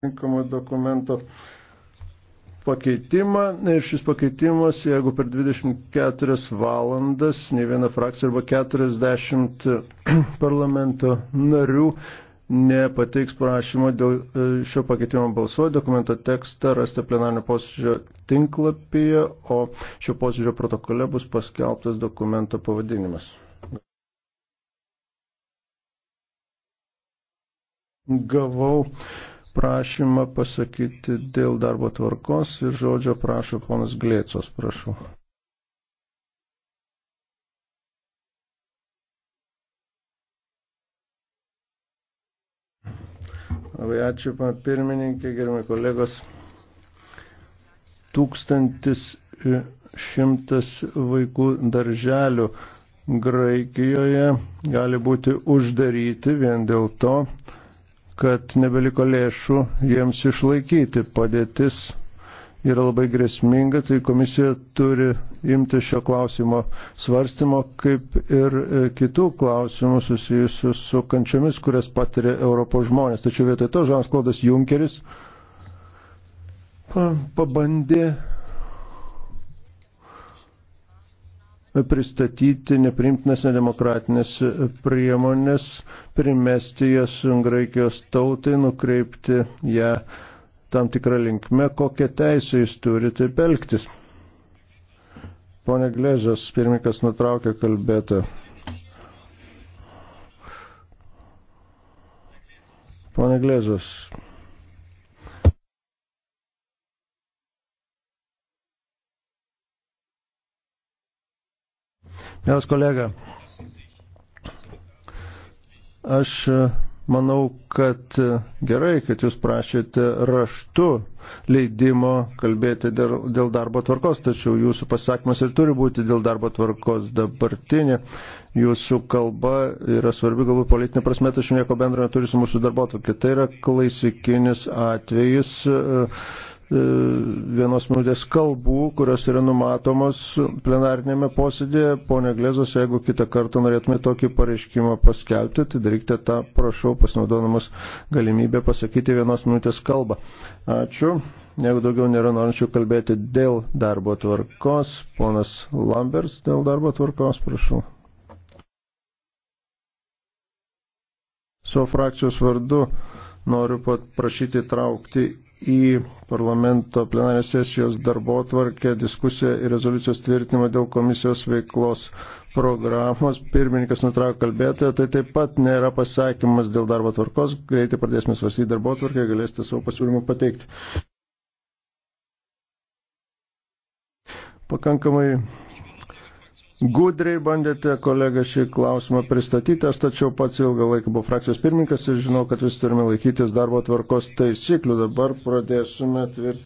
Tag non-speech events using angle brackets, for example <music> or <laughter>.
tinkamo dokumento pakeitimą. Ir šis pakeitimas, jeigu per 24 valandas ne viena frakcija arba 40 <clears throat> parlamento narių nepateiks prašymo dėl e, šio pakeitimo balsuoti, dokumento tekstą rasti plenarnio posėdžio tinklapyje, o šio posėdžio protokole bus paskelbtas dokumento pavadinimas. Gavau prašymą pasakyti dėl darbo tvarkos ir žodžio prašo ponas Glėcos, prašau. Labai ačiū, pana pirmininkė, gerimai kolegos. 1100 e, vaikų darželių Graikijoje gali būti uždaryti vien dėl to, kad nebeliko lėšų jiems išlaikyti. Padėtis yra labai grėsminga, tai komisija turi imti šio klausimo svarstymo, kaip ir e, kitų klausimų susijusių su kančiomis, kurias patiria Europos žmonės. Tačiau vietoj to Žanas Klodas Junkeris pabandė pristatyti neprimtinas nedemokratinės priemonės, primesti jas Graikijos tautai, nukreipti ją tam tikrą linkmę, kokią teisę jis turi taip elgtis. Pone Gležas, pirmininkas nutraukė kalbėtą. Pone Gležas. Mielas kolega, aš e, manau, kad e, gerai, kad jūs prašėte raštu leidimo kalbėti dėl, dėl darbo tvarkos, tačiau jūsų pasakymas ir turi būti dėl darbo tvarkos dabartinė. Jūsų kalba yra svarbi, galbūt politinė prasme, tačiau nieko bendro neturi su mūsų darbo tvarkė. Tai yra klasikinis atvejis. Uh, E, vienos minutės kalbų, kurios yra numatomos plenarnėme posėdėje. Pone Glezos, jeigu kitą kartą norėtume tokį pareiškimą paskelbti, tai darykite tą, prašau, pasinaudodamas galimybę pasakyti vienos minutės kalbą. Ačiū. Jeigu daugiau nėra norinčių kalbėti dėl darbo tvarkos, ponas Lambers dėl darbo tvarkos, prašau. Savo frakcijos vardu noriu prašyti traukti į parlamento plenarės sesijos darbo tvarkę diskusiją ir rezoliucijos tvirtinimą dėl komisijos veiklos programos. Pirmininkas nutraukė kalbėtoją, tai taip pat nėra pasakymas dėl darbo tvarkos. Greitai pradėsime svarstyti darbo tvarkę, galėsite savo pasiūlymą pateikti. Pakankamai Gudriai bandėte, kolega, šį klausimą pristatyti, aš tačiau pats ilgą laiką buvau frakcijos pirmininkas ir žinau, kad vis turime laikytis darbo tvarkos taisyklių. Dabar pradėsime tvirtinti.